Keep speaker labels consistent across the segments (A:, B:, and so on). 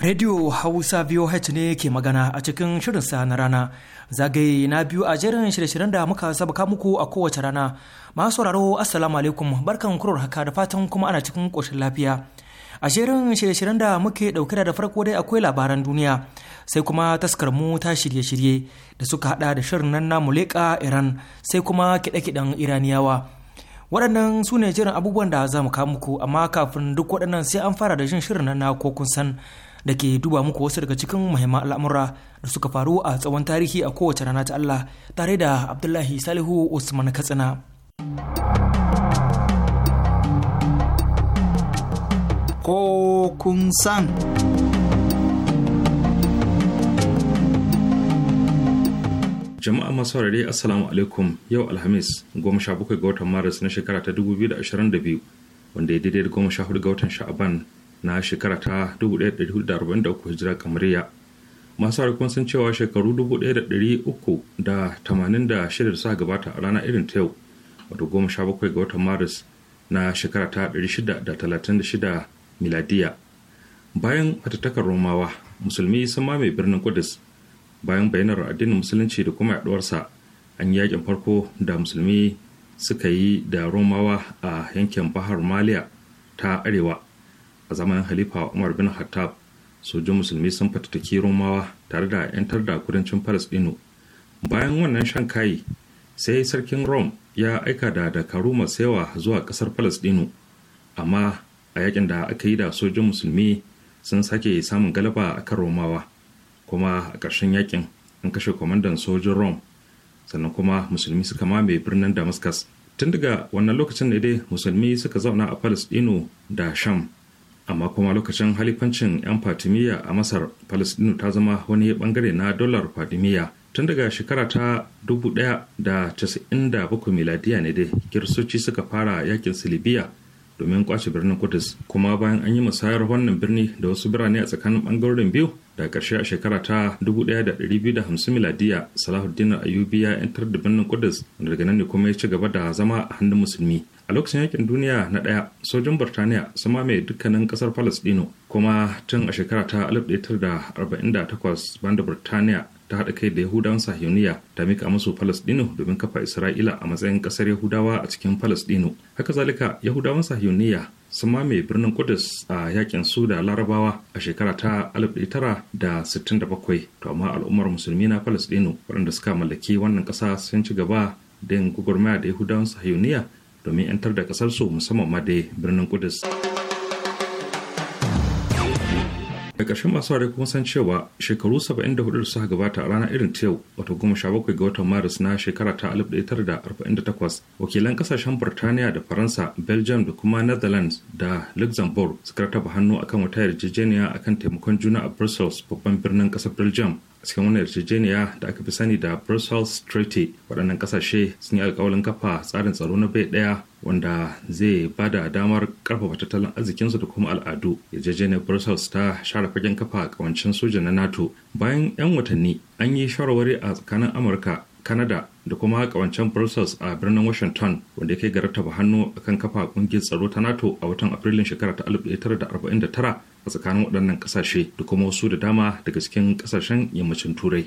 A: Radio Hausa VOH ne ke magana a cikin shirinsa na rana. Zagaye na biyu a jerin shirye-shiryen da muka sabaka muku a kowace rana. Masu sauraro Assalamu alaikum barkan kurar haka da fatan kuma ana cikin ƙoshin lafiya. A jerin shirye-shiryen da muke ɗauke da farko dai akwai labaran duniya sai kuma taskar mu ta shirye-shirye da suka hada da shirin nan na Muleka Iran sai kuma kiɗe-kiɗen Iraniyawa. Waɗannan su ne jerin abubuwan da za mu kawo muku amma kafin duk waɗannan sai an fara da jin shirin nan na ko kun san da ke duba muku wasu daga cikin muhimman al'amura da suka faru a tsawon tarihi a kowace rana ta Allah tare da Abdullahi Salihu Usman Katsina.
B: Ko kun san.
C: Jama'a masu saurare Assalamu alaikum yau Alhamis goma sha bakwai ga watan Maris na shekara ta 2022 wanda ya daidai da goma sha hudu ga watan Sha'aban na shekara ta 1443 hijira kamariya masu harkun sun cewa shekaru 1386 da suka gabata a rana irin ta yau wato 17 ga watan maris na shekara ta 636 miladiya bayan matattakar romawa musulmi sun mame birnin kudus bayan bayanar addinin musulunci da kuma yaduwarsa an yi yakin farko da musulmi suka yi da romawa a yankin bahar maliya ta arewa a zamanin halifa umar bin hattab sojin musulmi sun fatattaki romawa tare da 'yantar da kudancin dino bayan wannan shan kayi sai sarkin rome ya aika da dakaru masu yawa zuwa kasar dino amma a yakin da aka yi da sojin musulmi sun sake samun galaba a kan romawa kuma a ƙarshen yakin an kashe kwamandan sojin rome sannan kuma musulmi suka mame birnin damascus tun daga wannan lokacin ne dai musulmi suka zauna a dino da sham amma kuma lokacin halifancin 'yan fatimiyya a masar palestino ta zama wani bangare na dolar fatimiyya tun daga shekara ta 1997 miladiya ne dai kiristoci suka fara yakin silibiya domin kwace birnin kudus kuma bayan an yi musayar wannan birni da wasu birane a tsakanin bangarorin biyu da ƙarshe a shekara ta 1250 miladiya salahuddin ayubi ya yantar da birnin kudus daga nan ne kuma ya ci gaba da zama a hannun musulmi a lokacin yakin duniya na ɗaya sojin birtaniya sun mame dukkanin ƙasar palestino kuma tun a shekara ta 1948 banda birtaniya ta haɗa kai da yahudawan sahiyoniya ta mika musu palestino domin kafa isra'ila a matsayin ƙasar yahudawa a cikin palestino haka zalika yahudawan sahiyoniya sun mame birnin Kudus a yakin su da Larabawa a shekara ta 1967 to amma al'ummar musulmi na Falasɗinu waɗanda suka mallaki wannan ƙasa sun ci gaba da yin gugurmaya da Yahudawan Sahiyoniya domin 'yantar da kasarsu musamman ma dai birnin kudus da ƙarshen masu ware kuma san cewa shekaru 74 da suka gabata a rana irin ta yau wato 17 ga watan maris na shekara ta 1948 wakilan kasashen burtaniya da faransa belgium da kuma netherlands da luxembourg suka rataba hannu akan wata yarjejeniya akan taimakon juna a brussels babban birnin ƙasar belgium a cikin wani yarjejeniya da aka fi sani da brussels treaty waɗannan ƙasashe sun yi alkawalin kafa tsarin tsaro na bai ɗaya wanda zai ba da damar karfafa tattalin arzikinsu da kuma al'adu yarjejeniyar brussels ta share fagen kafa kawancin sojan na nato bayan 'yan watanni an yi shawarwari a tsakanin amurka kanada da kuma kawancen brussels a birnin washington wanda ya kai ga rattaba hannu akan kafa kungiyar tsaro ta nato a watan afrilun shekara ta 1949 a tsakanin waɗannan ƙasashe da kuma wasu da dama daga cikin ƙasashen yammacin turai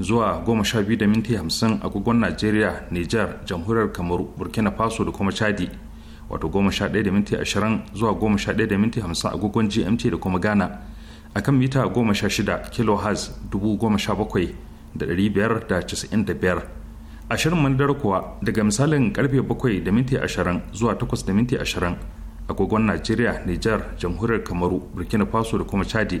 C: zuwa goma sha biyu da minti hamsin agogon najeriya niger jamhuriyar kamaru burkina faso da kuma chadi wato goma sha ɗaya zuwa goma sha ɗaya da agogon gmt da kuma ghana a kan mita goma sha shida kilohertz dubu goma sha bakwai da ɗari biyar da da biyar ashirin kuwa daga misalin karfe bakwai da minti ashirin zuwa takwas da minti ashirin agogon najeriya niger jamhuriyar kamaru burkina faso da kuma chadi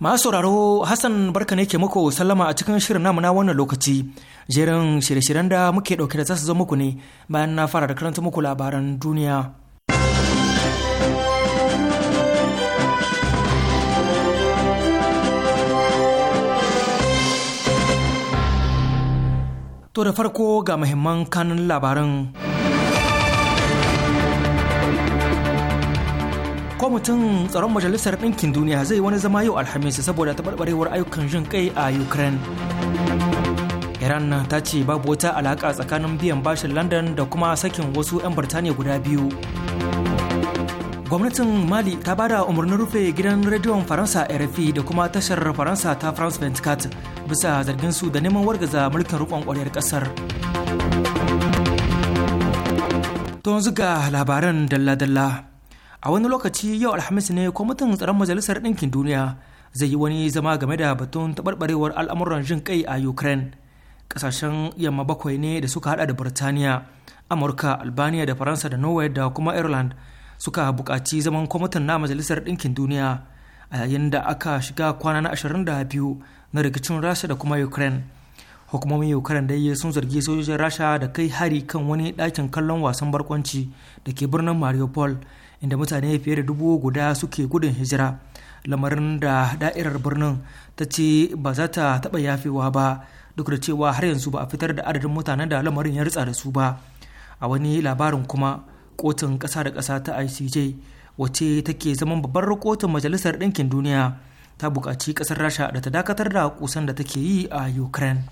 A: Masu sauraro Hassan
C: barka ne ke muku
A: sallama a cikin shirin namu na wannan lokaci. Jerin shirye-shiryen da muke ɗauke da zasu zo muku ne bayan na fara da karanta muku labaran duniya. To da farko ga muhimman kanun labaran. Ko mutum tsaron majalisar ɗinkin duniya zai wani zama yau alhamis saboda taɓarɓarewar ayyukan jin kai a ukraine iran ta ce babu wata alaƙa tsakanin biyan bashin london da kuma sakin wasu 'yan birtaniya guda biyu gwamnatin mali ta bada umarnin rufe gidan rediyon faransa rfi da kuma tashar faransa ta france 24 bisa zargin su da neman wargaza mulkin rukon kwaryar kasar to yanzu ga labaran dalla-dalla a wani lokaci yau alhamis ne kwamitin tsaron majalisar ɗinkin duniya zai yi wani zama game da batun taɓarɓarewar al'amuran jin kai a ukraine ƙasashen yamma bakwai ne da suka hada da birtaniya amurka albania da faransa da norway da kuma ireland suka buƙaci zaman kwamitin na majalisar ɗinkin duniya a yayin da aka shiga kwana na 22 na rikicin rasha da kuma ukraine hukumomin ukraine yi sun zargi sojojin rasha da kai hari kan wani ɗakin kallon wasan barkwanci da ke birnin mariupol inda mutane fiye da dubu guda suke gudun hijira lamarin da da'irar birnin ta ce ba za ta taɓa yafewa ba duk da cewa har yanzu ba a fitar da adadin mutanen da lamarin ya ritsa da su ba a wani labarin kuma kotun ƙasa da ƙasa ta icj wacce take zaman babbar kotun majalisar ɗinkin duniya ta buƙaci ƙasar rasha da ta dakatar da kusan da take yi a ukraine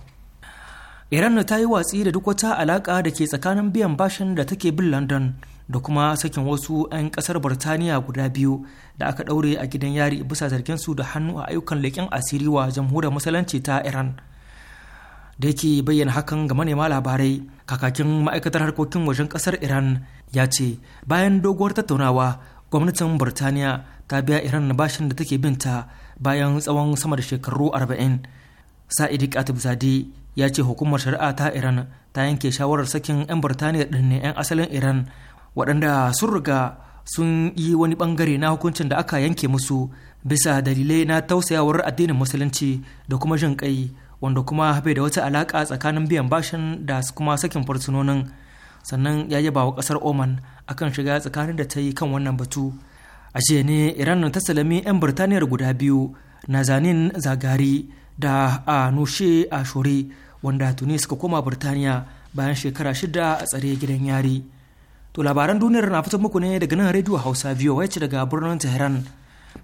A: iran ta yi watsi da duk wata alaƙa da ke tsakanin biyan bashin da take bin london da kuma sakin wasu 'yan kasar burtaniya guda biyu da aka ɗaure a gidan yari bisa zargin su da hannu a ayyukan leƙen asiri wa jamhuriyar musulunci ta Iran. Da yake bayyana hakan ga manema labarai, kakakin ma'aikatar harkokin wajen kasar Iran ya ce bayan doguwar tattaunawa gwamnatin burtaniya ta biya Iran na bashin da take ta bayan tsawon sama da shekaru arba'in. Sa'idi Katib Zade ya ce hukumar shari'a ta Iran ta yanke shawarar sakin 'yan burtaniya ɗin ne 'yan asalin Iran waɗanda sun riga sun yi wani bangare na hukuncin da aka yanke musu bisa dalilai na tausayawar addinin musulunci da kuma jin kai wanda kuma bai da wata alaka tsakanin biyan bashin da kuma sakin fursunonin sannan ya yaba wa kasar oman akan shiga tsakanin da ta yi kan wannan batu a jiya ne iran ta salami 'yan birtaniyar guda biyu na zanen zagari da a nushe a shore wanda tuni suka koma birtaniya bayan shekara shida a tsare gidan yari. To labaran duniyar na fitar muku ne daga nan rediyo Hausa VOH daga birnin Tehran.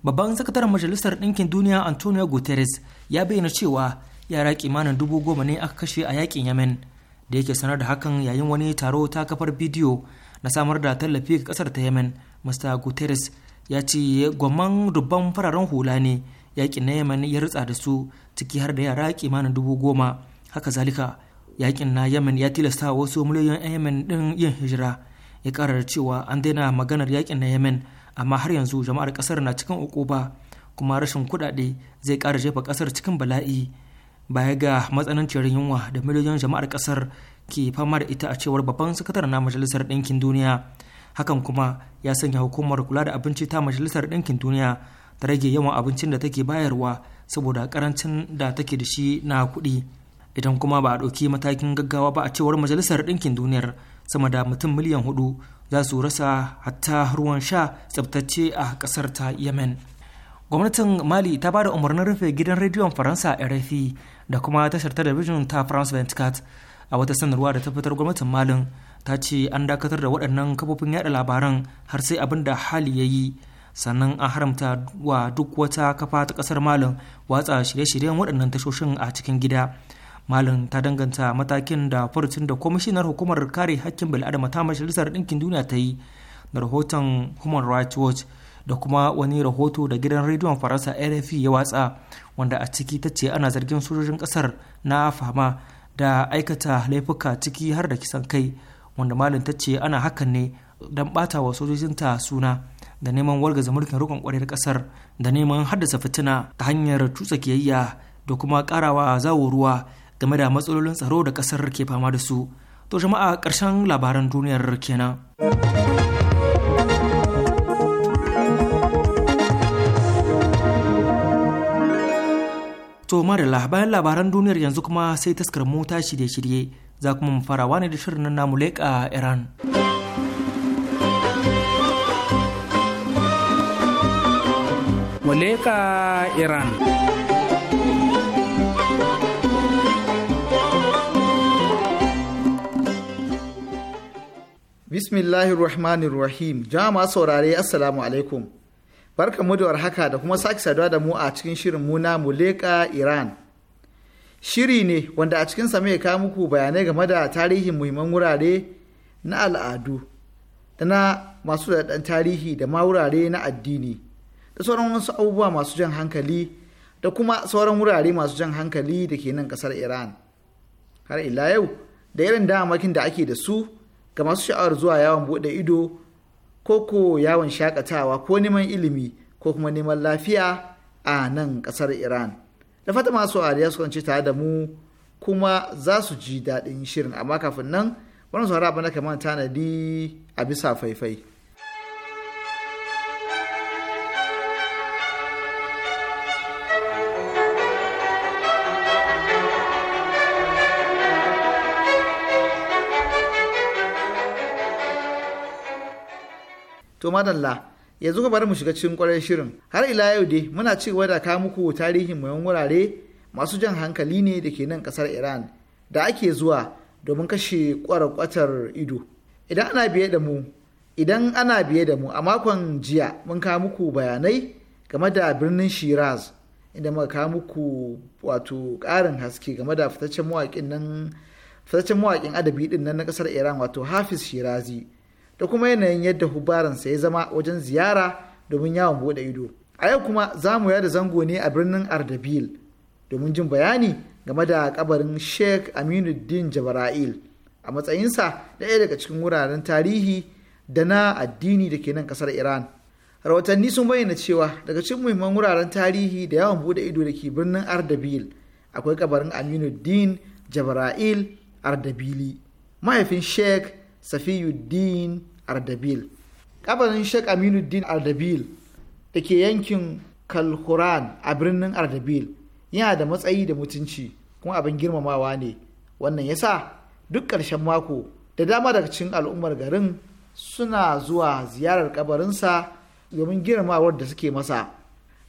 A: Babban sakataren Majalisar Ɗinkin Duniya Antonio Guterres ya bayyana cewa yara kimanin dubu goma ne aka kashe a yakin Yemen da yake sanar da hakan yayin wani taro ta kafar bidiyo na samar da tallafi ga kasar ta Yemen. Mr. Guterres ya ce gwamman dubban fararen hula ne yakin na Yemen ya rutsa da su ciki har da yara kimanin dubu goma. Haka zalika yakin na Yemen ya tilasta wasu miliyoyin Yemen din yin hijira. ya karar cewa an daina maganar yakin na yemen amma har yanzu jama'ar kasar na cikin ukuba kuma rashin kudade zai kara jefa kasar cikin bala'i baya ga matsananciyar yunwa da miliyoyin jama'ar kasar ke fama da ita a cewar babban sakataren na majalisar ɗinkin duniya hakan kuma ya sanya hukumar kula da abinci ta majalisar ɗinkin duniya ta rage yawan abincin da take bayarwa saboda karancin da take da shi na kuɗi idan kuma ba a ɗauki matakin gaggawa ba a cewar majalisar ɗinkin duniyar sama da mutum miliyan hudu za su rasa hatta ruwan sha tsabtacce a ƙasar ta yemen gwamnatin mali ta ba da umarnin rufe gidan rediyon faransa rfi da kuma tashar talabijin ta france 24 a wata sanarwa da ta fitar gwamnatin malin ta ce an dakatar da waɗannan kafofin yada labaran har sai abin da hali ya yi sannan an haramta wa duk wata kafa ta ƙasar malin watsa shirye-shiryen waɗannan tashoshin a cikin gida malin ta danganta matakin da furucin da kwamishinar hukumar kare hakkin bil'adama ta majalisar ɗinkin duniya ta yi da rahoton human rights watch da kuma wani rahoto da gidan rediyon faransa rfi ya watsa wanda a ciki ta ce ana zargin sojojin ƙasar na fama da aikata laifuka ciki har da kisan kai wanda malin ta ce ana hakan ne don bata wa sojojinta suna da neman wargaza mulkin rikon kwarar kasar da neman haddasa fitina ta hanyar tutsa kiyayya da kuma karawa zawo ruwa game da matsalolin tsaro da kasar ke fama da su to jama'a ƙarshen labaran duniyar kenan to marilla bayan labaran duniyar yanzu kuma sai taskar mota shirye-shirye za kuma mu fara wani da shirin namu leƙa iran
C: Muleka Iran.
B: Bismillahir Rahmanir Rahim. Jama'a saurare Assalamu alaikum. barka da haka da kuma sake saduwa da mu a cikin shirin muna Muleka Iran. Shiri ne wanda a cikin mai kawo muku bayanai game da tarihin muhimman wurare na al'adu da na masu daɗaɗɗen tarihi da ma wurare na addini da sauran wasu abubuwa masu jan hankali da kuma sauran wurare masu jan hankali da ke nan ƙasar Iran. Har ila yau da irin damakin da ake da su ga masu sha'awar zuwa yawon buɗe ido ko ko yawon shakatawa ko neman ilimi ko kuma neman lafiya a nan ƙasar iran da fata masu ariya su kwanci tare da mu kuma za su ji daɗin shirin amma kafin nan wani saurara na kamar tanadi a bisa faifai. to madalla yanzu ka bari mu shiga cikin kwarar shirin har ila yau dai muna ci gaba da kawo muku tarihin mayan wurare masu jan hankali ne da ke nan kasar iran da ake zuwa domin kashe kwarar ido idan ana biye da mu idan ana biye da mu a makon jiya mun kawo muku bayanai game da birnin shiraz inda muka kawo muku wato karin haske game da fitaccen mawaƙin nan fitaccen mawaƙin adabi din nan na kasar iran wato hafiz shirazi da kuma yanayin yadda hubaransa ya zama wajen ziyara domin yawon bude ido a yau kuma za mu yada zango ne a birnin ardabil domin jin bayani game da kabarin sheikh aminuddin jabara'il a matsayinsa ɗaya daga cikin wuraren tarihi da na addini da ke nan kasar iran rahotanni sun bayyana cewa daga cikin muhimman wuraren tarihi da yawon bude ido da ke birnin ardabil akwai kabarin aminuddin jabara'il ardabili mahaifin sheikh safiyuddin ardabil ƙabarin shek aminuddin ardabil da ke yankin kalhuran a birnin ardabil yana da matsayi da mutunci kuma abin girmamawa ne wannan yasa duk ƙarshen mako da dama daga cikin al'ummar garin suna zuwa ziyarar ƙabarinsa domin girmamawar da suke masa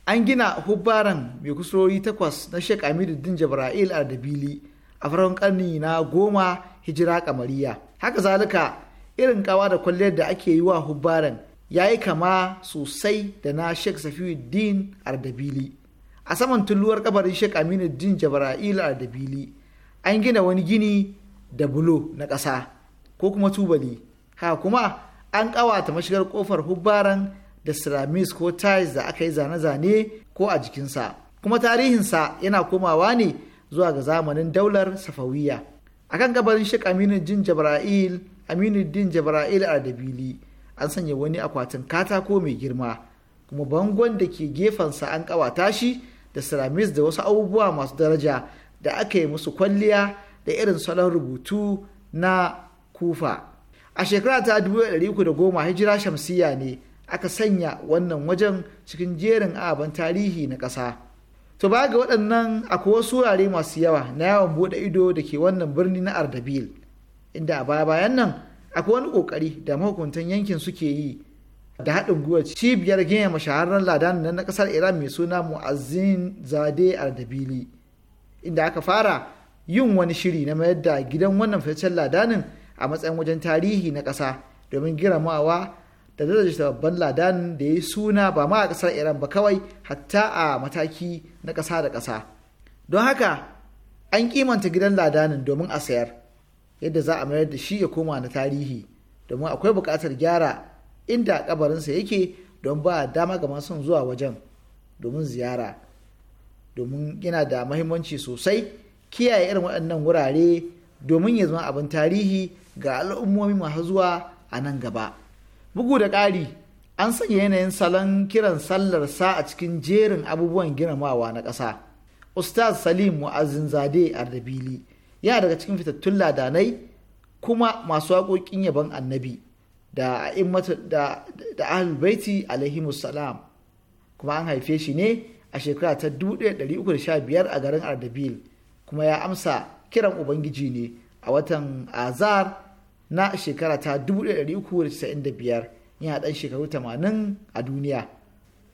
B: an gina hubbaran mai kusurori takwas na shek aminuddin jabra'il ardabili a farkon ƙarni na goma hijira kamariya haka zalika irin kawa da kwalliyar da ake yi wa hubbaran ya yi kama sosai da na sheikh safiuddin ardabili a saman tulluwar kabarin sheikh aminuddin jabra'il ardabili an gina wani gini da bulo na ƙasa ko kuma tubali ha kuma an ƙawata mashigar kofar hubbaran da siramis ko tiles da aka yi zane-zane ko a jikinsa kuma tarihinsa yana komawa ne zuwa ga zamanin daular safawiya a kan gabarin shek aminu jin jabra'il aminu din jabra'il a dabili an sanya wani akwatin katako mai girma kuma bangon da ke gefensa an kawata shi da siramis da wasu abubuwa masu daraja da aka yi musu kwalliya da irin salon rubutu na kufa a shekara ta goma hijira shamsiya ne aka sanya wannan wajen cikin jerin aban tarihi na ƙasa to ba ga waɗannan akwai wasu wurare masu yawa na yawon buɗe ido da ke wannan birni na ardabil inda a baya bayan nan akwai wani ƙoƙari da mahukuntan yankin suke yi da haɗin gwiwa cibiyar gina mashaharar ladan na ƙasar iran mai suna mu'azzin zade ardabili inda aka fara yin wani shiri na mayar da gidan wannan fitaccen ladanin a matsayin wajen tarihi na ƙasa domin girmamawa da daraja babban ladan da ya yi suna ba ma a ƙasar iran ba kawai hatta a mataki na ƙasa da ƙasa don haka an kimanta gidan ladanin domin a sayar yadda za a mayar da shi ya koma na tarihi domin akwai buƙatar gyara inda kabarinsa yake don ba dama ga masu zuwa wajen domin ziyara domin yana da mahimmanci sosai kiyaye irin waɗannan wurare domin ya zama abin tarihi ga al'ummomi masu zuwa a nan gaba. bugu da ƙari an sanya yanayin salon kiran sallar sa a cikin jerin abubuwan girmamawa na ƙasa ustaz salim mu'azzin zade ardabili yana daga cikin fitattun ladanai kuma masu waƙoƙin yabon annabi da da da ahlulbaiti alaihimu salam kuma an haife shi ne a shekara ta 1315 a garin ardabil kuma ya amsa kiran ubangiji ne a watan azar na shekara ta 1395 yana ɗan shekaru 80 a duniya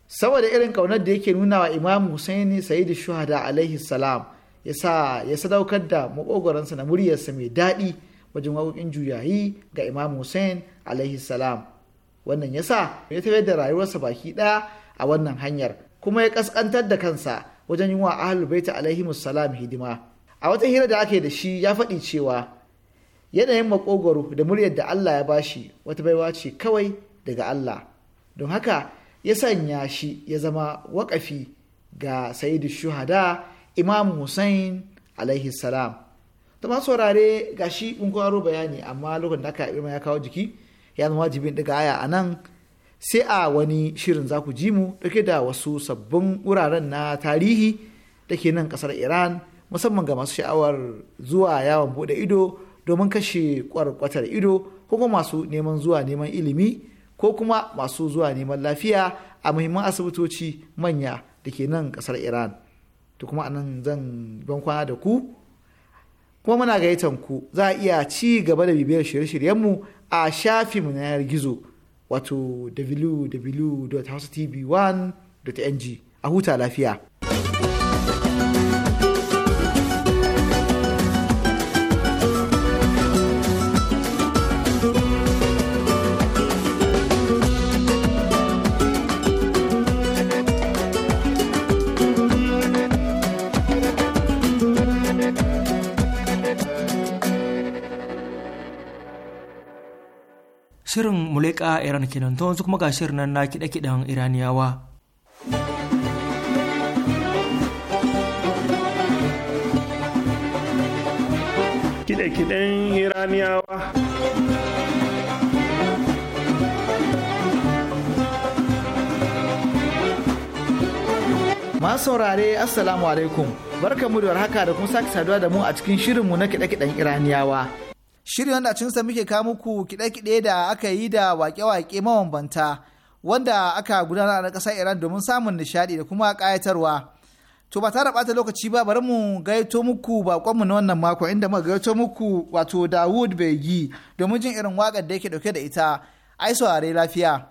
B: saboda irin ƙaunar da yake nuna wa imam husaini Saidu shuhada alaihi salam ya sa ya sadaukar da makogoransa na muryarsa mai daɗi wajen waƙoƙin juyayi ga imam hussein alaihi salam wannan ya yasa ya tafiyar da rayuwarsa baki ɗaya a wannan hanyar kuma ya ƙasƙantar da kansa wajen yi wa ahlul baita alaihi salam hidima a wata hira da ake da shi ya faɗi cewa yanayin makogwaro da muryar da Allah ya bashi wata baiwa ce kawai daga Allah don haka ya sanya shi ya zama wakafi ga sayidu shuhada imam Hussein alaihi salam ta ma saurare ga shi ƙunƙwaro bayani amma lokacin da aka ya kawo jiki ya zama wajibin daga aya a nan sai a wani shirin za ku ji mu dauke da wasu sabbin wuraren na tarihi da ke nan kasar iran musamman ga masu sha'awar zuwa yawon bude ido domin kashe kwarkwatar ido ko kuma masu neman zuwa neman ilimi ko kuma masu zuwa neman lafiya a muhimman asibitoci manya da ke nan kasar iran to kuma anan zan ban kwana da ku kuma muna gayyatan ku za a iya ci gaba da bibiyar shirye-shiryenmu a shafin na yanar gizo wato www.housetv1.ng a huta lafiya
A: leƙa iran kenan ta wasu kuma ga shirin nan na kiɗe-kiɗen iraniyawa
C: kiɗe-kiɗen iraniyawa
B: masu saurare assalamu alaikum barkamu da warhaka da kuma sake saduwa da mu a cikin shirinmu na kiɗe-kiɗen iraniyawa shirin wanda cin sa muke kawo muku kiɗe-kiɗe da aka yi da waƙe-waƙe mabambanta wanda aka gudanar a ƙasar Iran domin samun nishaɗi da kuma ƙayatarwa. To ba tare ɓata lokaci ba bari mu gaito muku mu na wannan mako inda muka gaito muku wato Dawud Begi domin jin irin waƙar da yake ɗauke da ita. Ai saurare lafiya.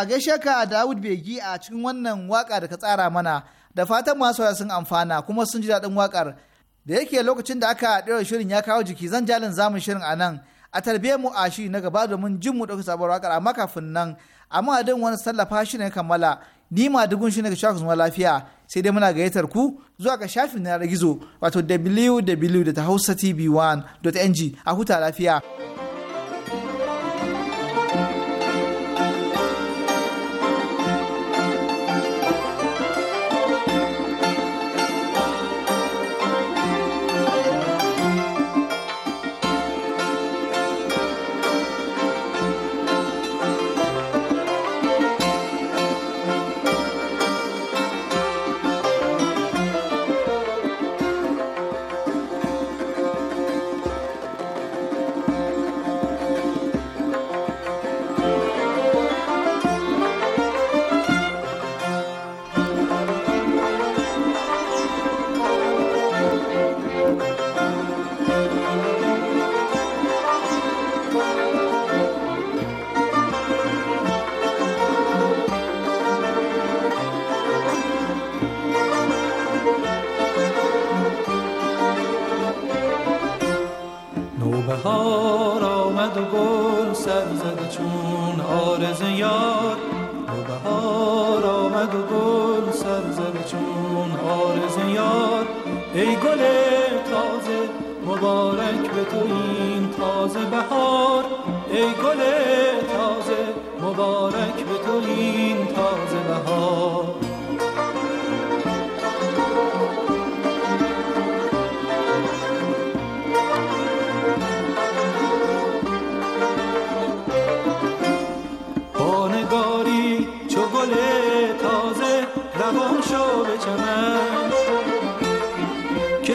B: a gaishe ka Dawud Begi a cikin wannan waka da ka tsara mana da fatan masu sun amfana kuma sun ji daɗin wakar da yake lokacin da aka ɗora shirin ya kawo jiki zan jalin zamun shirin a nan a tarbe mu a shi na gaba domin jin mu ɗauki sabon wakar amma kafin nan amma a wani sallafa shi ne kammala ni ma dugun shi ne ga shafin zuma lafiya sai dai muna gayyatar ku zuwa ga shafin na gizo wato www.hausatv1.ng a huta lafiya.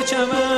D: çemen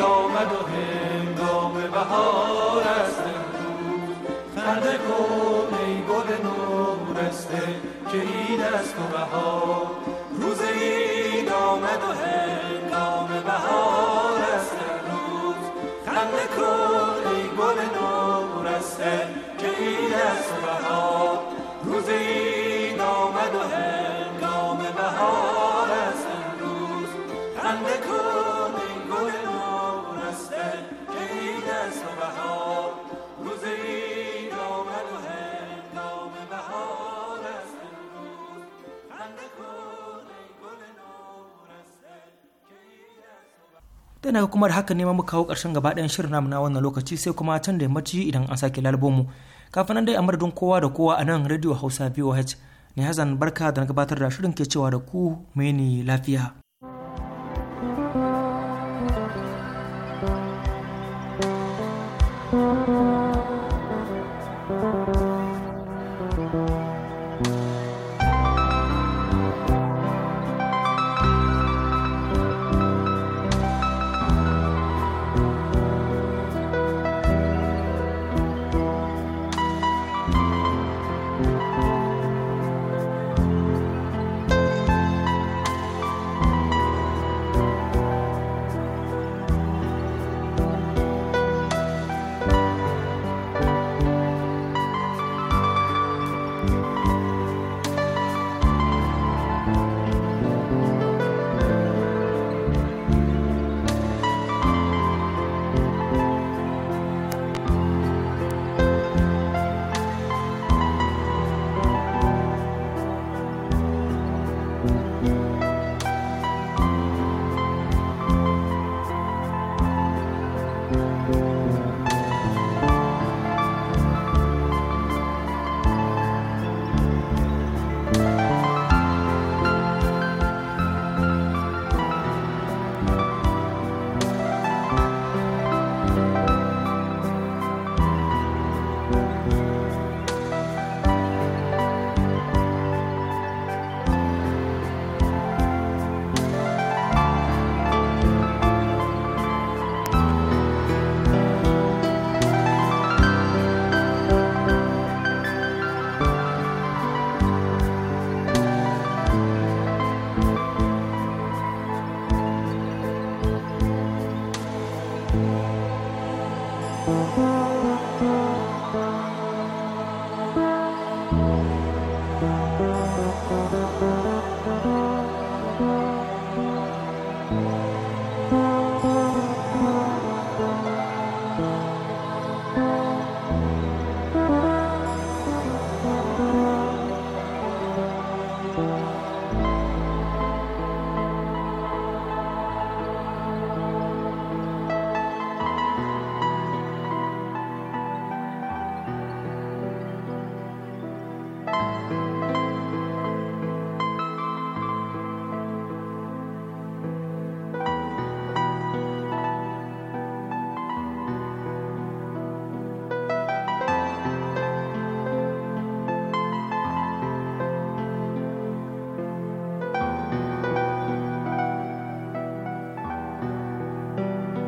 D: آمد و هنگام بهار است امروز خنده کن ای گل نورسته که این است و بهار روز
A: da na kuma da haka ne muka kawo ƙarshen gaba ɗayan shirin namu na wannan lokaci sai kuma can da yammaci idan an sake lalbomu kafin nan dai a madadin kowa da kowa a nan radio hausa voh ne hazan barka da na gabatar da shirin ke cewa da ku mai ne lafiya